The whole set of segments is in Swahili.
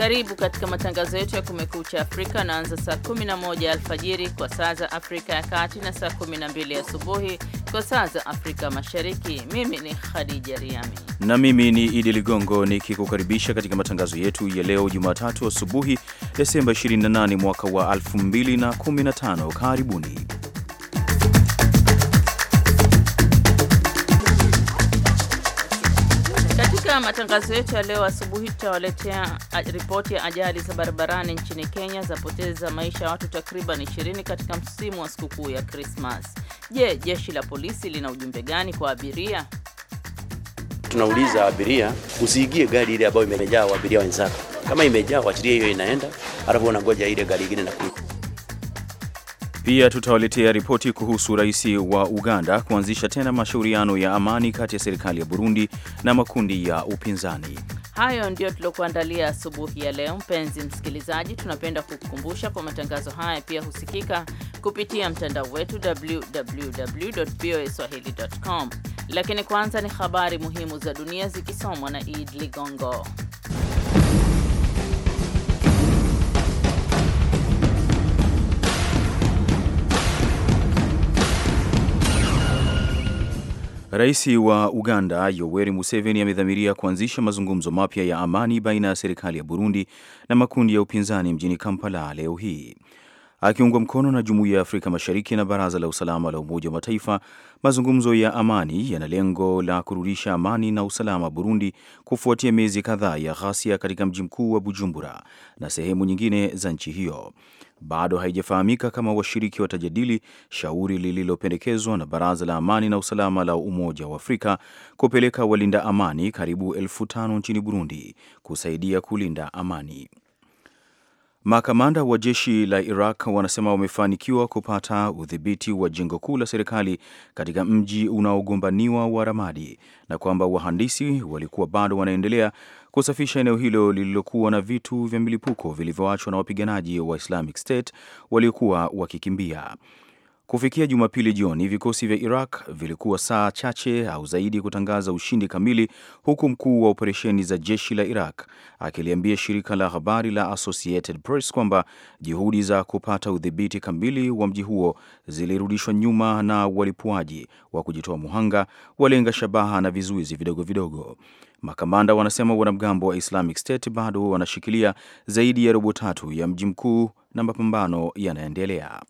Karibu katika matangazo yetu ya kumekucha Afrika anaanza saa 11 alfajiri kwa saa za Afrika ya Kati na saa 12 asubuhi kwa saa za Afrika Mashariki. Mimi ni Khadija Riami na mimi ni Idi Ligongo nikikukaribisha katika matangazo yetu ya leo Jumatatu asubuhi Desemba 28 mwaka wa 2015. Karibuni. Katika matangazo yetu ya leo asubuhi tutawaletea ripoti ya ajali za barabarani nchini Kenya zapoteza maisha ya watu takriban 20 katika msimu wa sikukuu ya Krismas. Je, jeshi la polisi lina ujumbe gani kwa abiria? Tunauliza abiria usiigie gari ile ambayo imejaa abiria wenzako. Kama imejaa, wachilie hiyo inaenda, alafu unangoja ile gari ingine na kuja pia tutawaletea ripoti kuhusu rais wa Uganda kuanzisha tena mashauriano ya amani kati ya serikali ya Burundi na makundi ya upinzani. Hayo ndiyo tuliokuandalia asubuhi ya leo. Mpenzi msikilizaji, tunapenda kukukumbusha kwa matangazo haya pia husikika kupitia mtandao wetu www.voaswahili.com. Lakini kwanza ni habari muhimu za dunia zikisomwa na Id Ligongo. Rais wa Uganda Yoweri Museveni amedhamiria kuanzisha mazungumzo mapya ya amani baina ya serikali ya Burundi na makundi ya upinzani mjini Kampala leo hii akiungwa mkono na Jumuiya ya Afrika Mashariki na Baraza la Usalama la Umoja wa Mataifa. Mazungumzo ya amani yana lengo la kurudisha amani na usalama Burundi kufuatia miezi kadhaa ya ghasia katika mji mkuu wa Bujumbura na sehemu nyingine za nchi hiyo. Bado haijafahamika kama washiriki watajadili shauri lililopendekezwa na Baraza la Amani na Usalama la Umoja wa Afrika kupeleka walinda amani karibu elfu tano nchini Burundi kusaidia kulinda amani. Makamanda wa jeshi la Iraq wanasema wamefanikiwa kupata udhibiti wa jengo kuu la serikali katika mji unaogombaniwa wa Ramadi na kwamba wahandisi walikuwa bado wanaendelea kusafisha eneo hilo lililokuwa na vitu vya milipuko vilivyoachwa na wapiganaji wa Islamic State waliokuwa wakikimbia. Kufikia Jumapili jioni, vikosi vya Iraq vilikuwa saa chache au zaidi kutangaza ushindi kamili, huku mkuu wa operesheni za jeshi la Iraq akiliambia shirika la habari la Associated Press kwamba juhudi za kupata udhibiti kamili wa mji huo zilirudishwa nyuma na walipuaji wa kujitoa muhanga walenga shabaha na vizuizi vidogo vidogo. Makamanda wanasema wanamgambo wa Islamic State bado wanashikilia zaidi ya robo tatu ya mji mkuu na mapambano yanaendelea.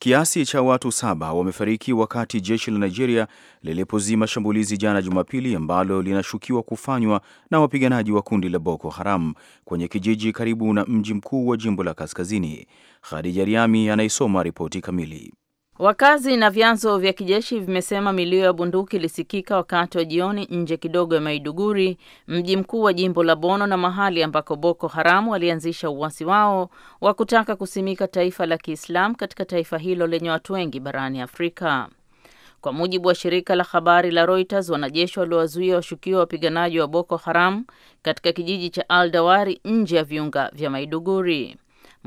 Kiasi cha watu saba wamefariki wakati jeshi la Nigeria lilipozima shambulizi jana Jumapili ambalo linashukiwa kufanywa na wapiganaji wa kundi la Boko Haram kwenye kijiji karibu na mji mkuu wa jimbo la kaskazini. Khadija Riami anaisoma ripoti kamili. Wakazi na vyanzo vya kijeshi vimesema milio ya bunduki ilisikika wakati wa jioni nje kidogo ya Maiduguri, mji mkuu wa jimbo la Bono na mahali ambako Boko Haram walianzisha uasi wao wa kutaka kusimika taifa la Kiislamu katika taifa hilo lenye watu wengi barani Afrika. Kwa mujibu wa shirika la habari la Reuters, wanajeshi waliwazuia washukiwa wapiganaji wa Boko Haram katika kijiji cha Aldawari nje ya viunga vya Maiduguri.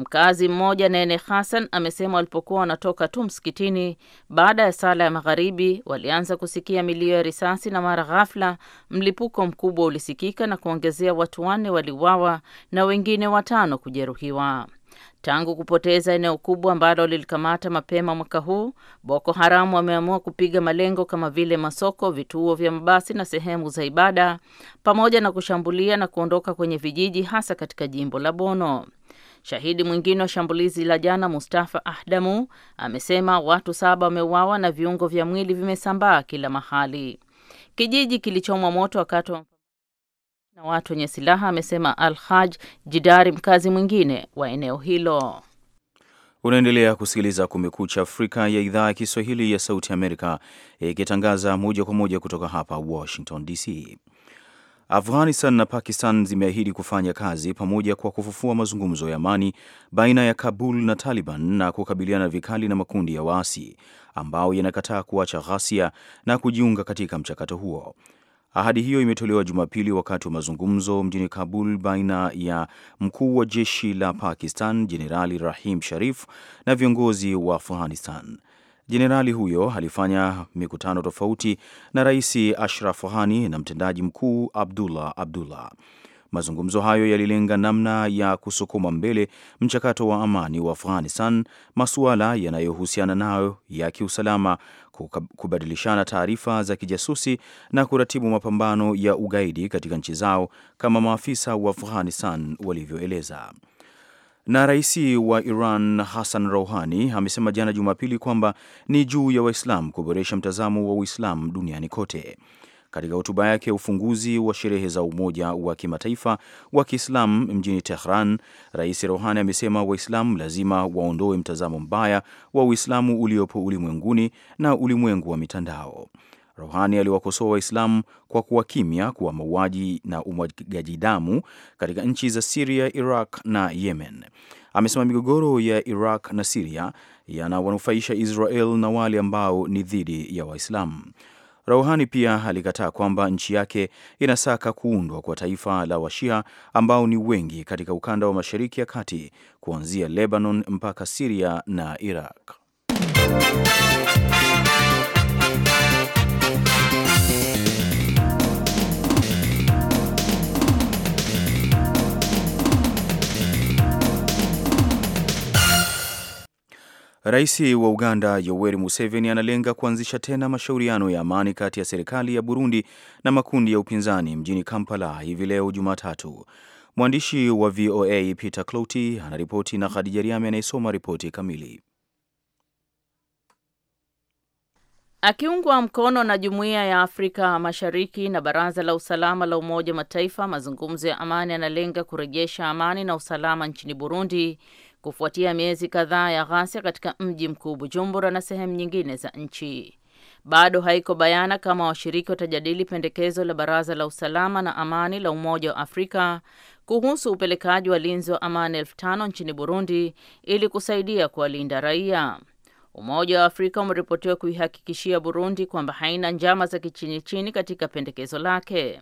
Mkazi mmoja Nene Hassan amesema walipokuwa wanatoka tu msikitini baada ya sala ya magharibi, walianza kusikia milio ya risasi na mara ghafla mlipuko mkubwa ulisikika na kuongezea, watu wanne waliuawa na wengine watano kujeruhiwa. Tangu kupoteza eneo kubwa ambalo lilikamata mapema mwaka huu, Boko Haramu wameamua kupiga malengo kama vile masoko, vituo vya mabasi na sehemu za ibada, pamoja na kushambulia na kuondoka kwenye vijiji, hasa katika jimbo la Bono. Shahidi mwingine wa shambulizi la jana, Mustafa Ahdamu, amesema watu saba wameuawa na viungo vya mwili vimesambaa kila mahali. Kijiji kilichomwa moto wakati wa na watu wenye silaha, amesema Al-Haj Jidari, mkazi mwingine wa eneo hilo. Unaendelea kusikiliza Kumekucha Afrika ya idhaa ya Kiswahili ya Sauti Amerika, ikitangaza moja kwa moja kutoka hapa Washington DC. Afghanistan na Pakistan zimeahidi kufanya kazi pamoja kwa kufufua mazungumzo ya amani baina ya Kabul na Taliban na kukabiliana vikali na makundi ya waasi ambao yanakataa kuacha ghasia na kujiunga katika mchakato huo. Ahadi hiyo imetolewa Jumapili wakati wa mazungumzo mjini Kabul baina ya mkuu wa jeshi la Pakistan Jenerali Rahim Sharif na viongozi wa Afghanistan. Jenerali huyo alifanya mikutano tofauti na Rais Ashraf Ghani na mtendaji mkuu Abdullah Abdullah. Mazungumzo hayo yalilenga namna ya kusukuma mbele mchakato wa amani wa Afghanistan, masuala yanayohusiana nayo ya kiusalama, kubadilishana taarifa za kijasusi na kuratibu mapambano ya ugaidi katika nchi zao, kama maafisa wa Afghanistan walivyoeleza. Na rais wa Iran Hassan Rouhani amesema jana Jumapili kwamba ni juu ya waislam kuboresha mtazamo wa Uislamu duniani kote. Katika hotuba yake ya ufunguzi wa sherehe za Umoja wa Kimataifa wa Kiislamu mjini Tehran, Rais Rohani amesema Waislamu lazima waondoe mtazamo mbaya wa Uislamu uliopo ulimwenguni na ulimwengu wa mitandao. Rohani aliwakosoa Waislamu kwa kuwa kimya kwa mauaji na umwagaji damu katika nchi za Siria, Iraq na Yemen. Amesema migogoro ya Iraq na Siria yanawanufaisha Israel na wale ambao ni dhidi ya Waislamu. Rauhani pia alikataa kwamba nchi yake inasaka kuundwa kwa taifa la Washia ambao ni wengi katika ukanda wa Mashariki ya Kati kuanzia Lebanon mpaka Siria na Iraq. Rais wa Uganda Yoweri Museveni analenga kuanzisha tena mashauriano ya amani kati ya serikali ya Burundi na makundi ya upinzani mjini Kampala hivi leo Jumatatu. Mwandishi wa VOA Peter clouti anaripoti na Khadija Riame anayesoma ripoti kamili. Akiungwa mkono na Jumuiya ya Afrika Mashariki na Baraza la Usalama la Umoja wa Mataifa, mazungumzo ya amani yanalenga kurejesha amani na usalama nchini Burundi kufuatia miezi kadhaa ya ghasia katika mji mkuu Bujumbura na sehemu nyingine za nchi. Bado haiko bayana kama washiriki watajadili pendekezo la Baraza la Usalama na Amani la Umoja wa Afrika kuhusu upelekaji walinzi wa amani elfu tano nchini Burundi ili kusaidia kuwalinda raia. Umoja wa Afrika umeripotiwa kuihakikishia Burundi kwamba haina njama za kichinichini katika pendekezo lake.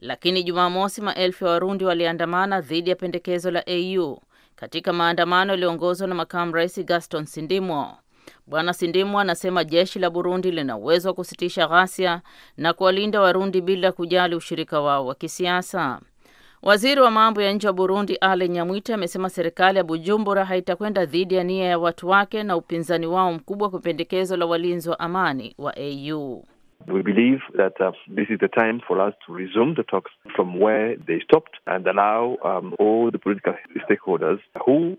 Lakini Jumamosi, maelfu ya Warundi waliandamana dhidi ya pendekezo la AU katika maandamano yaliyoongozwa na makamu rais Gaston Sindimwo. Bwana Sindimwo anasema jeshi la Burundi lina uwezo wa kusitisha ghasia na kuwalinda Warundi bila kujali ushirika wao wa kisiasa. Waziri wa mambo ya nje wa Burundi Ale Nyamwita amesema serikali ya Bujumbura haitakwenda dhidi ya nia ya watu wake na upinzani wao mkubwa kwa pendekezo la walinzi wa amani wa AU. We believe that uh, this is the time for us to resume the talks from where they stopped and allow um, all the political stakeholders who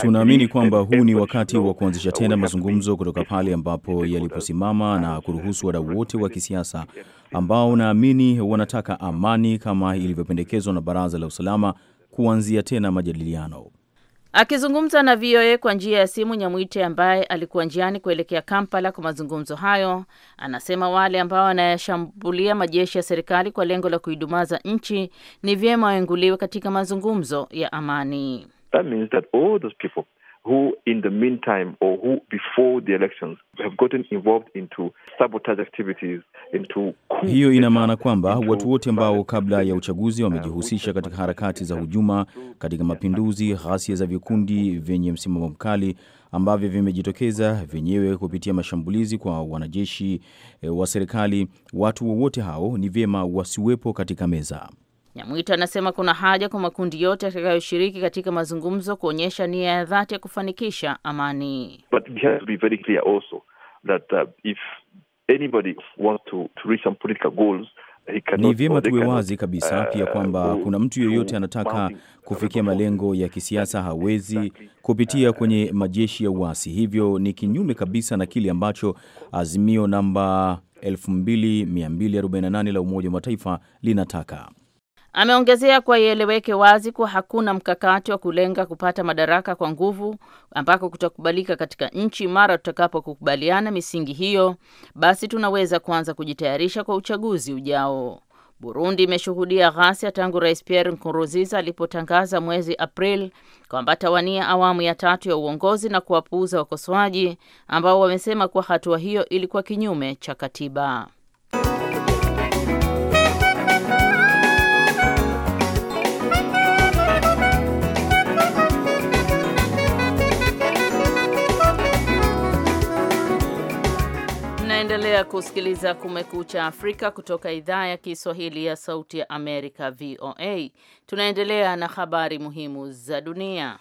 Tunaamini kwamba huu ni wakati wa kuanzisha tena mazungumzo kutoka pale ambapo yaliposimama na kuruhusu wadau wote wa kisiasa ambao naamini wanataka amani kama ilivyopendekezwa na Baraza la Usalama kuanzia tena majadiliano. Akizungumza na VOA kwa njia ya simu, Nyamwite ambaye alikuwa njiani kuelekea Kampala kwa mazungumzo hayo, anasema wale ambao wanayashambulia majeshi ya serikali kwa lengo la kuidumaza nchi ni vyema waenguliwe katika mazungumzo ya amani. That means that all those people who in the meantime or who before the elections have gotten involved into sabotage activities, into hiyo ina maana kwamba watu wote ambao kabla ya uchaguzi uh, wamejihusisha katika harakati za hujuma katika mapinduzi, ghasia za vikundi vyenye msimamo mkali ambavyo vimejitokeza vyenyewe kupitia mashambulizi kwa wanajeshi e, wa serikali, watu wowote hao ni vyema wasiwepo katika meza. Nyamwita anasema kuna haja kwa makundi yote yatakayoshiriki katika mazungumzo kuonyesha nia ya dhati ya kufanikisha amani. But we have to be very clear also that uh, if anybody wants to, to reach some political goals ni vyema tuwe wazi kabisa pia uh, kwamba kuna mtu yeyote anataka kufikia malengo ya kisiasa hawezi kupitia uh, kwenye majeshi ya uasi. Hivyo ni kinyume kabisa na kile ambacho azimio namba 2248 la Umoja wa Mataifa linataka. Ameongezea kuwa ieleweke wazi kuwa hakuna mkakati wa kulenga kupata madaraka kwa nguvu ambako kutakubalika katika nchi. Mara tutakapokubaliana misingi hiyo, basi tunaweza kuanza kujitayarisha kwa uchaguzi ujao. Burundi imeshuhudia ghasia tangu Rais Pierre Nkurunziza alipotangaza mwezi Aprili kwamba tawania awamu ya tatu ya uongozi na kuwapuuza wakosoaji ambao wamesema kuwa hatua hiyo ilikuwa kinyume cha katiba. Unaendelea kusikiliza Kumekucha Afrika kutoka idhaa ya Kiswahili ya Sauti ya Amerika, VOA. Tunaendelea na habari muhimu za dunia.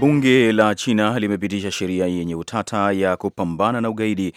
Bunge la China limepitisha sheria yenye utata ya kupambana na ugaidi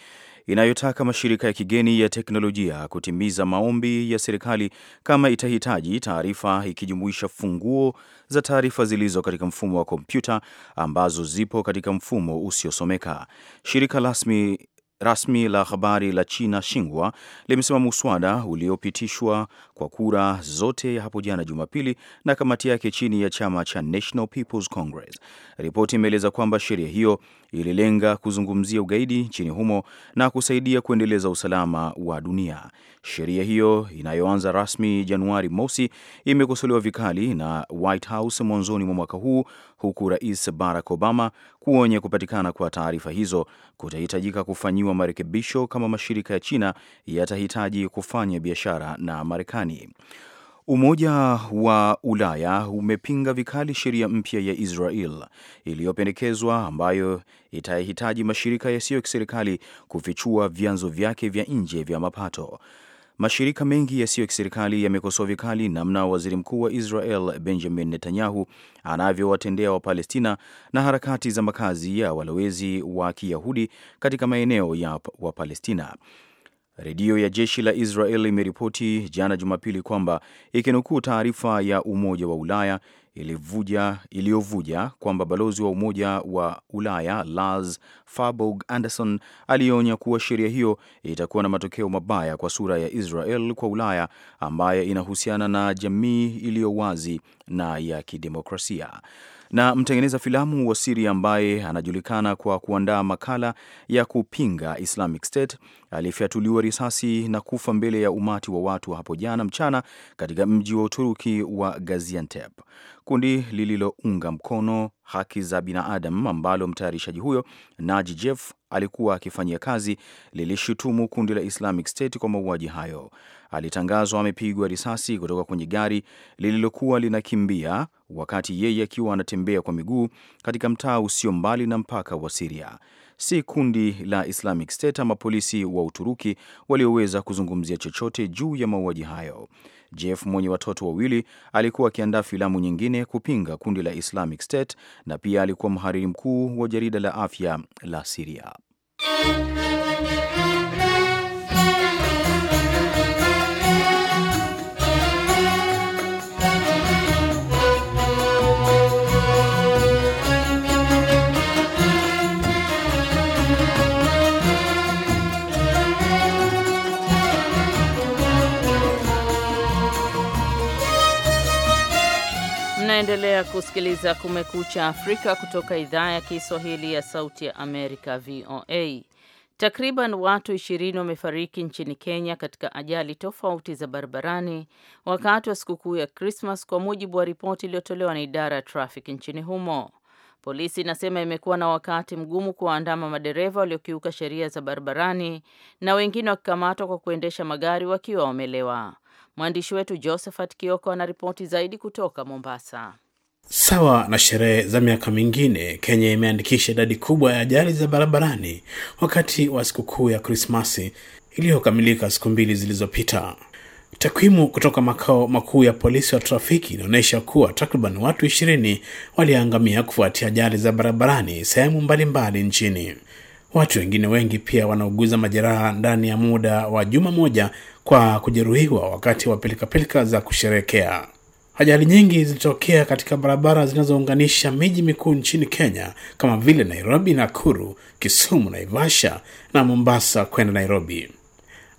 inayotaka mashirika ya kigeni ya teknolojia kutimiza maombi ya serikali kama itahitaji taarifa ikijumuisha funguo za taarifa zilizo katika mfumo wa kompyuta ambazo zipo katika mfumo usiosomeka. Shirika rasmi rasmi la habari la China Xinhua limesema muswada uliopitishwa kwa kura zote hapo jana Jumapili na kamati yake chini ya chama cha National People's Congress. Ripoti imeeleza kwamba sheria hiyo ililenga kuzungumzia ugaidi nchini humo na kusaidia kuendeleza usalama wa dunia. Sheria hiyo inayoanza rasmi Januari mosi imekosolewa vikali na White House mwanzoni mwa mwaka huu, huku Rais Barack Obama kuonya kupatikana kwa taarifa hizo kutahitajika kufanyiwa marekebisho kama mashirika ya China yatahitaji kufanya biashara na Marekani. Marekani. Umoja wa Ulaya umepinga vikali sheria mpya ya Israel iliyopendekezwa ambayo itahitaji mashirika yasiyo ya kiserikali kufichua vyanzo vyake vya nje vya mapato. Mashirika mengi yasiyo ya kiserikali yamekosoa vikali namna waziri mkuu wa Israel Benjamin Netanyahu anavyowatendea Wapalestina na harakati za makazi ya walowezi wa Kiyahudi katika maeneo ya Wapalestina. Redio ya jeshi la Israel imeripoti jana Jumapili kwamba ikinukuu taarifa ya Umoja wa Ulaya iliyovuja kwamba balozi wa Umoja wa Ulaya Lars fabog Anderson alionya kuwa sheria hiyo itakuwa na matokeo mabaya kwa sura ya Israel kwa Ulaya ambayo inahusiana na jamii iliyo wazi na ya kidemokrasia na mtengeneza filamu wa Siria ambaye anajulikana kwa kuandaa makala ya kupinga Islamic State alifyatuliwa risasi na kufa mbele ya umati wa watu hapo jana mchana katika mji wa Uturuki wa Gaziantep kundi lililounga mkono haki za binadamu ambalo mtayarishaji huyo Naji Jeff alikuwa akifanyia kazi lilishutumu kundi la Islamic State kwa mauaji hayo. Alitangazwa amepigwa risasi kutoka kwenye gari lililokuwa linakimbia wakati yeye akiwa anatembea kwa miguu katika mtaa usio mbali na mpaka wa Siria. Si kundi la Islamic State ama polisi wa Uturuki walioweza kuzungumzia chochote juu ya mauaji hayo. Jeff mwenye watoto wawili alikuwa akiandaa filamu nyingine kupinga kundi la Islamic State na pia alikuwa mhariri mkuu wa jarida la afya la Siria. Unaendelea kusikiliza Kumekucha Afrika kutoka idhaa ya Kiswahili ya Sauti ya Amerika, VOA. Takriban watu ishirini wamefariki nchini Kenya katika ajali tofauti za barabarani wakati wa sikukuu ya Krismas, kwa mujibu wa ripoti iliyotolewa na idara ya trafiki nchini humo. Polisi inasema imekuwa na wakati mgumu kuwaandama madereva waliokiuka sheria za barabarani na wengine wakikamatwa kwa kuendesha magari wakiwa wamelewa. Mwandishi wetu Josephat Kioko ana ripoti zaidi kutoka Mombasa. Sawa na sherehe za miaka mingine, Kenya imeandikisha idadi kubwa ya ajali za barabarani wakati wa sikukuu ya Krismasi iliyokamilika siku mbili zilizopita. Takwimu kutoka makao makuu ya polisi wa trafiki inaonyesha kuwa takriban watu ishirini waliangamia kufuatia ajali za barabarani sehemu mbalimbali nchini. Watu wengine wengi pia wanauguza majeraha ndani ya muda wa juma moja kwa kujeruhiwa wakati wa pilikapilika za kusherekea. Ajali nyingi zilitokea katika barabara zinazounganisha miji mikuu nchini Kenya kama vile Nairobi, Nakuru, Kisumu, Naivasha na Mombasa kwenda Nairobi.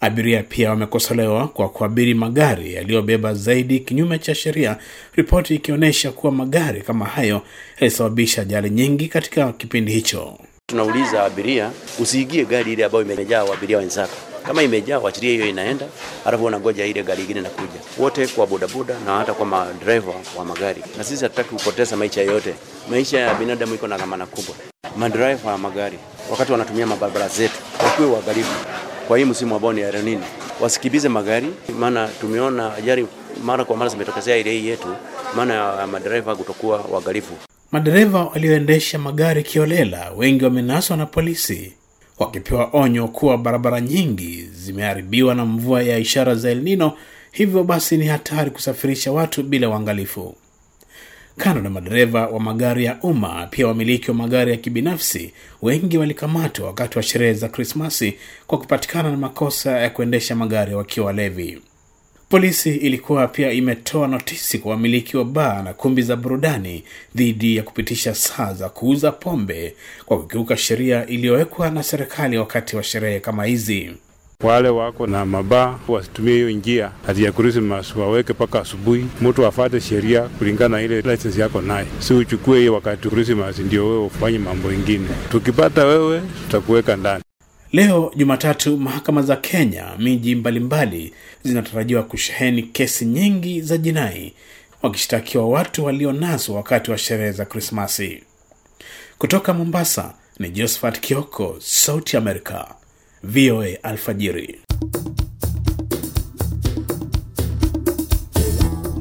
Abiria pia wamekosolewa kwa kuabiri magari yaliyobeba zaidi kinyume cha sheria, ripoti ikionyesha kuwa magari kama hayo yalisababisha ajali nyingi katika kipindi hicho. Tunauliza abiria usiigie gari ile ambayo imejaa abiria wenzako. Kama imejaa wachilie hiyo inaenda, alafu unangoja ile gari ingine inakuja. Wote kwa bodaboda na hata kwa madriver wa magari, na sisi hatutaki kupoteza maisha yote. Maisha ya binadamu iko na dhamana kubwa. madriver wa magari wakati wanatumia mabarabara zetu wakiwe waangalifu. Kwa hii msimu ambao ni El Nino wasikibize magari, maana tumeona ajari mara kwa mara zimetokezea ile yetu, maana ya madriver kutokuwa waangalifu. Madereva walioendesha magari kiolela wengi wamenaswa na polisi wakipewa onyo kuwa barabara nyingi zimeharibiwa na mvua ya ishara za elnino hivyo basi ni hatari kusafirisha watu bila uangalifu. Kando na madereva wa magari ya umma, pia wamiliki wa magari ya kibinafsi wengi walikamatwa wakati wa sherehe za Krismasi kwa kupatikana na makosa ya kuendesha magari wakiwa levi Polisi ilikuwa pia imetoa notisi kwa wamiliki wa baa na kumbi za burudani dhidi ya kupitisha saa za kuuza pombe kwa kukiuka sheria iliyowekwa na serikali wakati wa sherehe kama hizi. Wale wako na mabaa wasitumie hiyo njia hati ya Krismas, waweke mpaka asubuhi. Mtu afate sheria kulingana na ile lisensi yako naye, si uchukue hiyo wakati Krismas ndio wewe ufanye mambo ingine. Tukipata wewe, tutakuweka ndani leo jumatatu mahakama za kenya miji mbalimbali zinatarajiwa kusheheni kesi nyingi za jinai wakishtakiwa watu walionazo wakati wa sherehe za krismasi kutoka mombasa ni josephat kioko sauti america voa alfajiri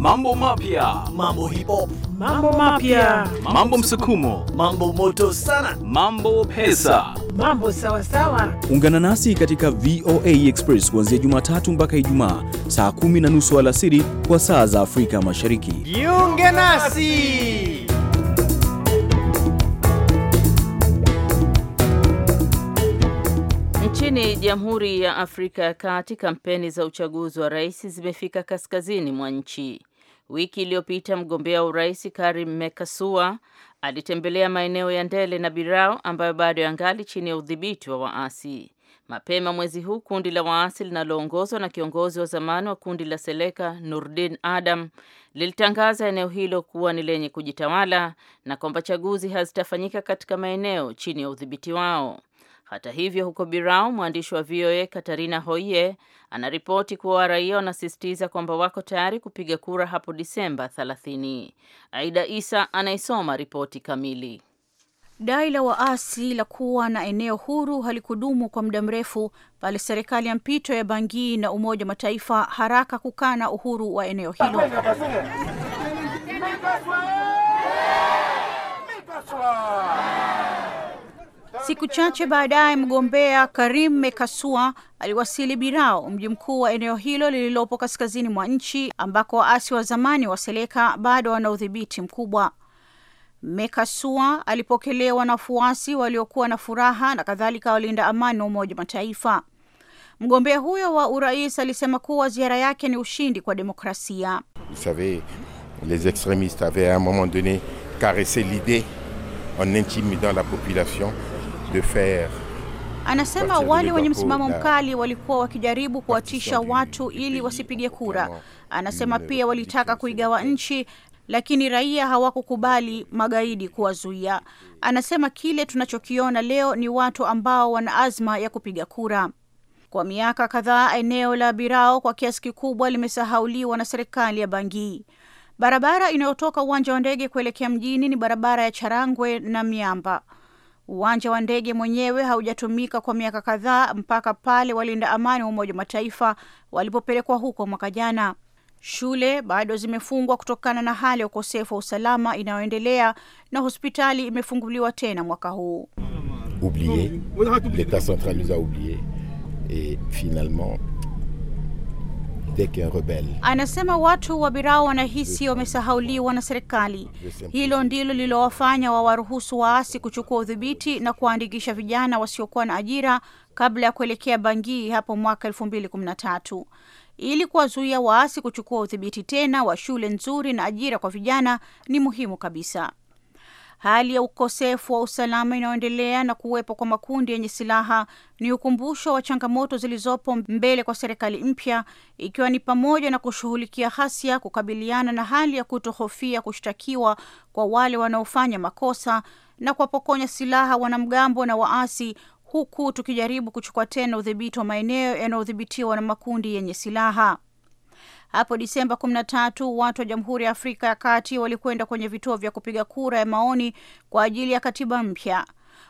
mambo mapya, mambo hip hop, mambo mapya, mambo msukumo, mambo moto sana, mambo pesa, mambo sawa sawa. Ungana nasi katika VOA Express kuanzia Jumatatu mpaka Ijumaa saa kumi na nusu alasiri kwa saa za Afrika Mashariki. Jiunge nasi. Nchini Jamhuri ya Afrika ya Kati, kampeni za uchaguzi wa rais zimefika kaskazini mwa nchi. Wiki iliyopita mgombea wa urais Karim Mekasua alitembelea maeneo ya Ndele na Birao ambayo bado yangali chini ya udhibiti wa waasi. Mapema mwezi huu kundi la waasi linaloongozwa na kiongozi wa zamani wa kundi la Seleka Nurdin Adam lilitangaza eneo hilo kuwa ni lenye kujitawala na kwamba chaguzi hazitafanyika katika maeneo chini ya udhibiti wao. Hata hivyo, huko Birao, mwandishi wa VOA Katarina Hoye anaripoti kuwa raia wanasisitiza kwamba wako tayari kupiga kura hapo Disemba 30. Aida Isa anaisoma ripoti kamili. Dai la waasi la kuwa na eneo huru halikudumu kwa muda mrefu pale serikali ya mpito ya Bangui na Umoja wa Mataifa haraka kukana uhuru wa eneo hilo. Siku chache baadaye, mgombea Karim Mekasua aliwasili Birao, mji mkuu wa eneo hilo lililopo kaskazini mwa nchi ambako waasi wa zamani wa Seleka bado wana udhibiti mkubwa. Mekasua alipokelewa na wafuasi waliokuwa na furaha na kadhalika walinda amani wa Umoja Mataifa. Mgombea huyo wa urais alisema kuwa ziara yake ni ushindi kwa demokrasia. Vous savez, les extremistes avaient à un moment donné caressé l'idée en intimidant la population de faire Anasema wale wenye msimamo mkali walikuwa wakijaribu kuwatisha watu ili wasipige kura. Anasema pia walitaka kuigawa nchi, lakini raia hawakukubali magaidi kuwazuia. Anasema kile tunachokiona leo ni watu ambao wana azma ya kupiga kura. Kwa miaka kadhaa, eneo la Birao kwa kiasi kikubwa limesahauliwa na serikali ya Bangui. Barabara inayotoka uwanja wa ndege kuelekea mjini ni barabara ya Charangwe na miamba Uwanja wa ndege mwenyewe haujatumika kwa miaka kadhaa mpaka pale walinda amani wa Umoja wa Mataifa walipopelekwa huko mwaka jana. Shule bado zimefungwa kutokana na hali ya ukosefu wa usalama inayoendelea na hospitali imefunguliwa tena mwaka huu. Oublier, central nous a et finalement ya rebel. Anasema watu wa Birao wanahisi wamesahauliwa na serikali. Hilo ndilo lilowafanya wawaruhusu waasi kuchukua udhibiti na kuwaandikisha vijana wasiokuwa na ajira kabla ya kuelekea Bangui hapo mwaka 2013. Ili kuwazuia waasi kuchukua udhibiti tena wa shule nzuri na ajira kwa vijana ni muhimu kabisa. Hali ya ukosefu wa usalama inayoendelea na kuwepo kwa makundi yenye silaha ni ukumbusho wa changamoto zilizopo mbele kwa serikali mpya, ikiwa ni pamoja na kushughulikia ghasia, kukabiliana na hali ya kutohofia kushtakiwa kwa wale wanaofanya makosa na kuwapokonya silaha wanamgambo na waasi, huku tukijaribu kuchukua tena udhibiti wa maeneo yanayodhibitiwa na makundi yenye silaha. Hapo Disemba 13 watu wa Jamhuri ya Afrika ya Kati walikwenda kwenye vituo vya kupiga kura ya maoni kwa ajili ya katiba mpya.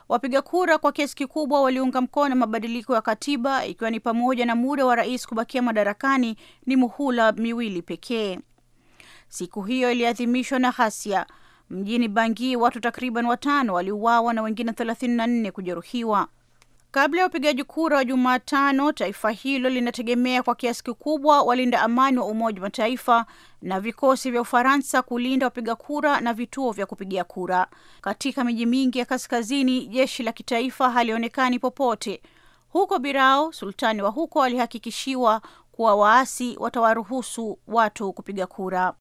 Wapiga kura kwa kiasi kikubwa waliunga mkono mabadiliko ya katiba, ikiwa ni pamoja na muda wa rais kubakia madarakani ni muhula miwili pekee. Siku hiyo iliadhimishwa na ghasia mjini Bangi. Watu takriban watano waliuawa na wengine 34 kujeruhiwa. Kabla ya upigaji kura wa Jumatano, taifa hilo linategemea kwa kiasi kikubwa walinda amani wa Umoja wa Mataifa na vikosi vya Ufaransa kulinda wapiga kura na vituo vya kupigia kura. Katika miji mingi ya kaskazini, jeshi la kitaifa halionekani popote. Huko Birao, sultani wa huko alihakikishiwa kuwa waasi watawaruhusu watu kupiga kura.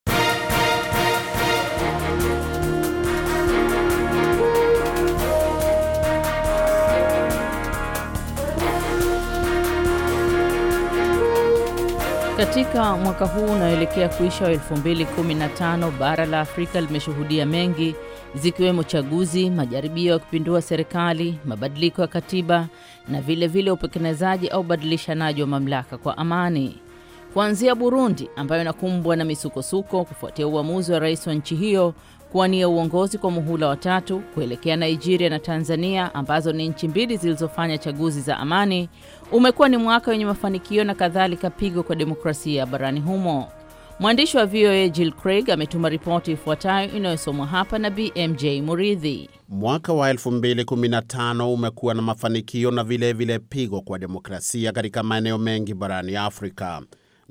Katika mwaka huu unaoelekea kuisha wa 2015 bara la Afrika limeshuhudia mengi zikiwemo chaguzi, majaribio ya kupindua serikali, mabadiliko ya katiba na vilevile vile upekenezaji au ubadilishanaji wa mamlaka kwa amani. Kuanzia Burundi ambayo inakumbwa na misukosuko kufuatia uamuzi wa rais wa nchi hiyo kuwania uongozi kwa muhula wa tatu kuelekea Nigeria na Tanzania ambazo ni nchi mbili zilizofanya chaguzi za amani, umekuwa ni mwaka wenye mafanikio na kadhalika pigo kwa demokrasia barani humo. Mwandishi wa VOA Jill Craig ametuma ripoti ifuatayo inayosomwa hapa na BMJ Muridhi. Mwaka wa 2015 umekuwa na mafanikio na vilevile vile pigo kwa demokrasia katika maeneo mengi barani Afrika.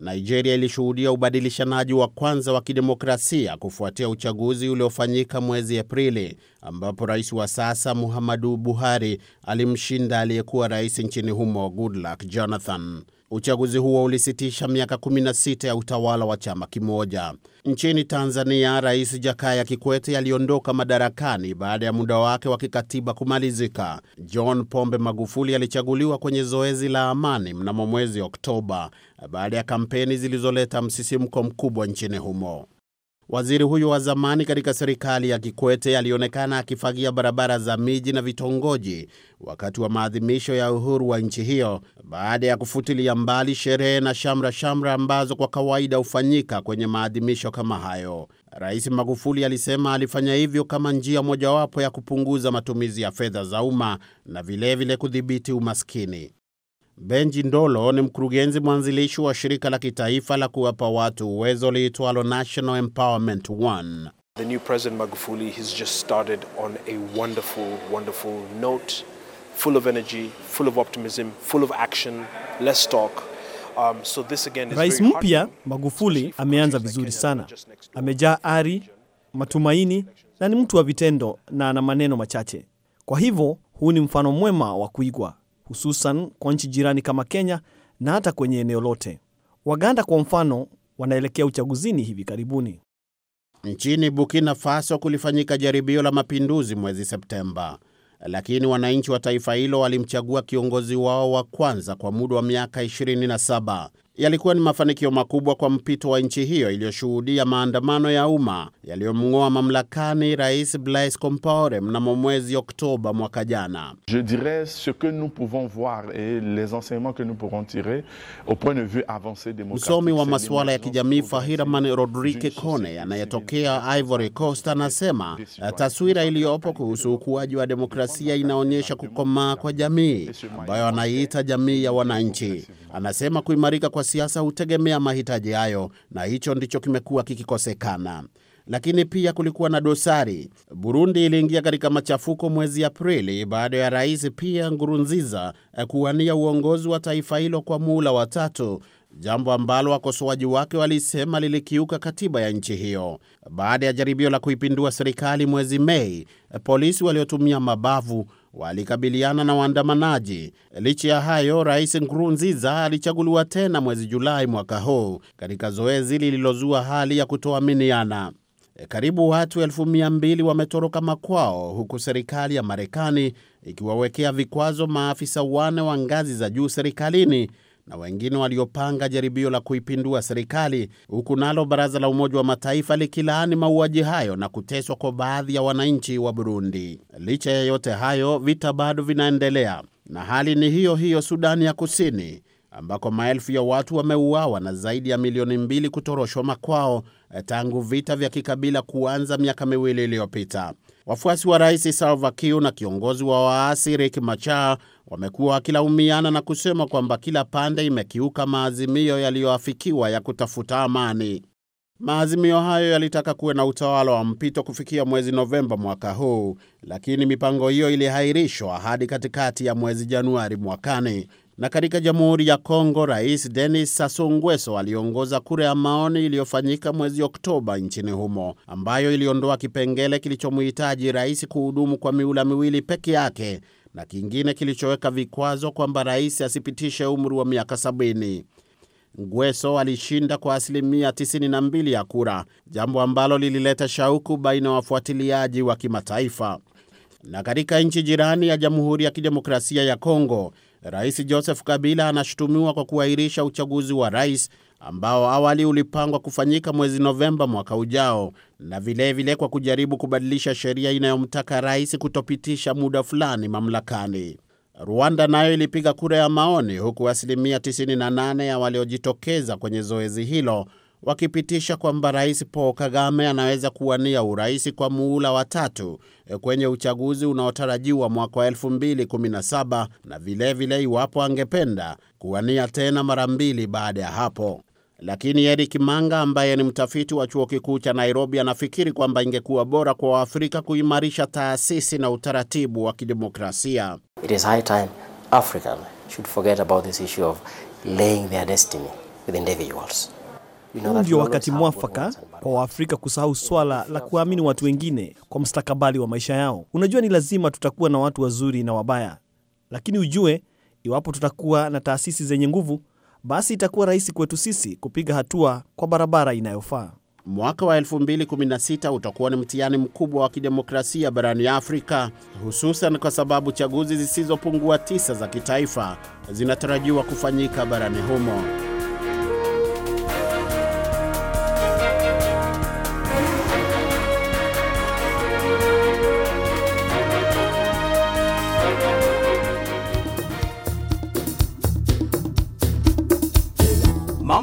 Nigeria ilishuhudia ubadilishanaji wa kwanza wa kidemokrasia kufuatia uchaguzi uliofanyika mwezi Aprili ambapo rais wa sasa Muhammadu Buhari alimshinda aliyekuwa rais nchini humo Goodluck Jonathan. Uchaguzi huo ulisitisha miaka 16 ya utawala wa chama kimoja. Nchini Tanzania, Rais Jakaya Kikwete aliondoka madarakani baada ya muda wake wa kikatiba kumalizika. John Pombe Magufuli alichaguliwa kwenye zoezi la amani mnamo mwezi Oktoba baada ya kampeni zilizoleta msisimko mkubwa nchini humo. Waziri huyo wa zamani katika serikali ya Kikwete alionekana akifagia barabara za miji na vitongoji wakati wa maadhimisho ya uhuru wa nchi hiyo baada ya kufutilia mbali sherehe na shamra shamra ambazo kwa kawaida hufanyika kwenye maadhimisho kama hayo. Rais Magufuli alisema alifanya hivyo kama njia mojawapo ya kupunguza matumizi ya fedha za umma na vilevile kudhibiti umaskini. Benji Ndolo ni mkurugenzi mwanzilishi wa shirika la kitaifa la kuwapa watu uwezo liitwalo National Empowerment One. The new President Magufuli has just started on a wonderful, wonderful note, full of energy, full of optimism, full of action, talk. Um, so this again is Rais mpya Magufuli ameanza vizuri sana. Amejaa ari, matumaini na ni mtu wa vitendo na ana maneno machache. Kwa hivyo huu ni mfano mwema wa kuigwa hususan kwa nchi jirani kama Kenya na hata kwenye eneo lote. Waganda kwa mfano wanaelekea uchaguzini hivi karibuni. Nchini Burkina Faso kulifanyika jaribio la mapinduzi mwezi Septemba, lakini wananchi wa taifa hilo walimchagua kiongozi wao wa kwanza kwa muda wa miaka 27 yalikuwa ni mafanikio makubwa kwa mpito wa nchi hiyo iliyoshuhudia maandamano ya umma yaliyomng'oa mamlakani Rais Blaise Compaore mnamo mwezi Oktoba mwaka jana. Je dirais ce que nous pouvons voir et les enseignements que nous pourrons tirer au point de vue avancé démocratique. Msomi wa masuala ya kijamii Fahiraman Rodrique Kone anayetokea Ivory Coast anasema eh, taswira iliyopo kuhusu ukuaji wa demokrasia inaonyesha kukomaa kwa jamii ambayo anaiita jamii ya wananchi. Anasema kuimarika kwa kwa siasa hutegemea mahitaji hayo, na hicho ndicho kimekuwa kikikosekana. Lakini pia kulikuwa na dosari. Burundi iliingia katika machafuko mwezi Aprili baada ya rais Pierre Nkurunziza eh, kuwania uongozi wa taifa hilo kwa muhula wa tatu, jambo ambalo wakosoaji wake walisema lilikiuka katiba ya nchi hiyo. Baada ya jaribio la kuipindua serikali mwezi Mei, eh, polisi waliotumia mabavu walikabiliana na waandamanaji. Licha ya hayo, Rais Nkurunziza alichaguliwa tena mwezi Julai mwaka huu katika zoezi lililozua hali ya kutoaminiana. E, karibu watu elfu mia mbili wametoroka makwao huku serikali ya Marekani ikiwawekea vikwazo maafisa wane wa ngazi za juu serikalini na wengine waliopanga jaribio la kuipindua serikali, huku nalo baraza la Umoja wa Mataifa likilaani mauaji hayo na kuteswa kwa baadhi ya wananchi wa Burundi. Licha ya yote hayo, vita bado vinaendelea na hali ni hiyo hiyo Sudani ya Kusini ambako maelfu ya watu wameuawa na zaidi ya milioni mbili kutoroshwa makwao eh, tangu vita vya kikabila kuanza miaka miwili iliyopita. Wafuasi wa rais Salva Kiir na kiongozi wa waasi Riek Machar wamekuwa wakilaumiana na kusema kwamba kila pande imekiuka maazimio yaliyoafikiwa ya kutafuta amani. Maazimio hayo yalitaka kuwe na utawala wa mpito kufikia mwezi Novemba mwaka huu, lakini mipango hiyo ilihairishwa hadi katikati ya mwezi Januari mwakani. Na katika Jamhuri ya Kongo, Rais Denis Sassou Nguesso aliongoza kura ya maoni iliyofanyika mwezi Oktoba nchini humo, ambayo iliondoa kipengele kilichomhitaji rais kuhudumu kwa miula miwili peke yake na kingine kilichoweka vikwazo kwamba rais asipitishe umri wa miaka 70. Ngweso alishinda kwa asilimia 92 ya kura, jambo ambalo lilileta shauku baina ya wafuatiliaji wa kimataifa. Na katika nchi jirani ya Jamhuri ya Kidemokrasia ya Kongo, Rais Joseph Kabila anashutumiwa kwa kuahirisha uchaguzi wa rais ambao awali ulipangwa kufanyika mwezi Novemba mwaka ujao, na vilevile vile kwa kujaribu kubadilisha sheria inayomtaka rais kutopitisha muda fulani mamlakani. Rwanda nayo ilipiga kura ya maoni, huku asilimia 98 ya waliojitokeza kwenye zoezi hilo wakipitisha kwamba rais Paul Kagame anaweza kuwania urais kwa muula wa tatu eh, kwenye uchaguzi unaotarajiwa mwaka wa 2017 na vilevile vile iwapo angependa kuwania tena mara mbili baada ya hapo. Lakini Eric Manga ambaye ni mtafiti wa chuo kikuu cha Nairobi anafikiri kwamba ingekuwa bora kwa Waafrika kuimarisha taasisi na utaratibu wa kidemokrasia. It is high time should forget about this issue of laying their destiny with individuals. ndio wakati mwafaka kwa Waafrika kusahau swala la kuwaamini watu wengine kwa mstakabali wa maisha yao. Unajua, ni lazima tutakuwa na watu wazuri na wabaya, lakini ujue, iwapo tutakuwa na taasisi zenye nguvu basi itakuwa rahisi kwetu sisi kupiga hatua kwa barabara inayofaa. Mwaka wa 2016 utakuwa ni mtihani mkubwa wa kidemokrasia barani Afrika, hususan kwa sababu chaguzi zisizopungua tisa za kitaifa zinatarajiwa kufanyika barani humo.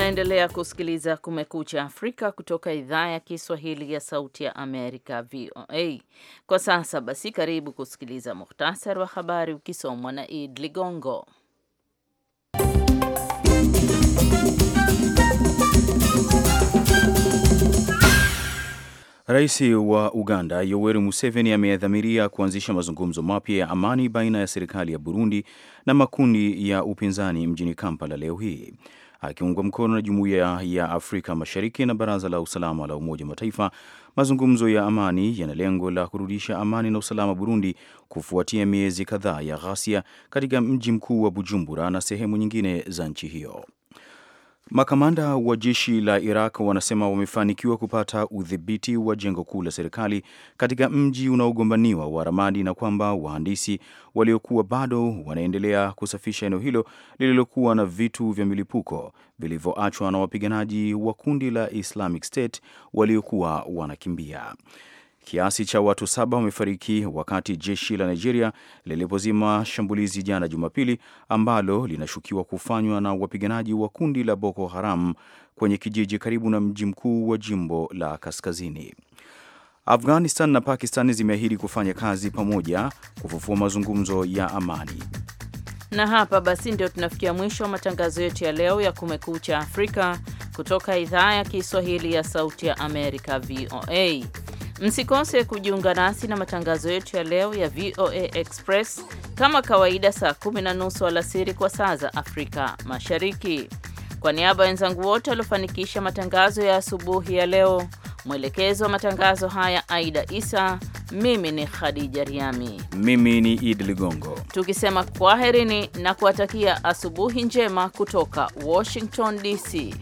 Unaendelea kusikiliza Kumekucha Afrika kutoka idhaa ya Kiswahili ya Sauti ya Amerika, VOA. Kwa sasa basi, karibu kusikiliza muhtasari wa habari ukisomwa na Id Ligongo. Rais wa Uganda Yoweri Museveni ameadhamiria kuanzisha mazungumzo mapya ya amani baina ya serikali ya Burundi na makundi ya upinzani mjini Kampala leo hii akiungwa mkono na Jumuiya ya Afrika Mashariki na Baraza la Usalama la Umoja wa Mataifa. Mazungumzo ya amani yana lengo la kurudisha amani na usalama Burundi kufuatia miezi kadhaa ya ghasia katika mji mkuu wa Bujumbura na sehemu nyingine za nchi hiyo. Makamanda wa jeshi la Iraq wanasema wamefanikiwa kupata udhibiti wa jengo kuu la serikali katika mji unaogombaniwa wa Ramadi na kwamba wahandisi waliokuwa bado wanaendelea kusafisha eneo hilo lililokuwa na vitu vya milipuko vilivyoachwa na wapiganaji wa kundi la Islamic State waliokuwa wanakimbia. Kiasi cha watu saba wamefariki wakati jeshi la Nigeria lilipozima shambulizi jana Jumapili ambalo linashukiwa kufanywa na wapiganaji wa kundi la Boko Haram kwenye kijiji karibu na mji mkuu wa jimbo la kaskazini. Afghanistan na Pakistan zimeahidi kufanya kazi pamoja kufufua mazungumzo ya amani. Na hapa basi ndio tunafikia mwisho wa matangazo yetu ya leo ya Kumekucha Afrika kutoka idhaa ya Kiswahili ya Sauti ya Amerika, VOA. Msikose kujiunga nasi na matangazo yetu ya leo ya VOA Express kama kawaida, saa kumi na nusu alasiri kwa saa za Afrika Mashariki. Kwa niaba ya wenzangu wote waliofanikisha matangazo ya asubuhi ya leo, mwelekezo wa matangazo haya Aida Isa, mimi ni Khadija Riami, mimi ni Idi Ligongo, tukisema kwaherini na kuwatakia asubuhi njema kutoka Washington DC.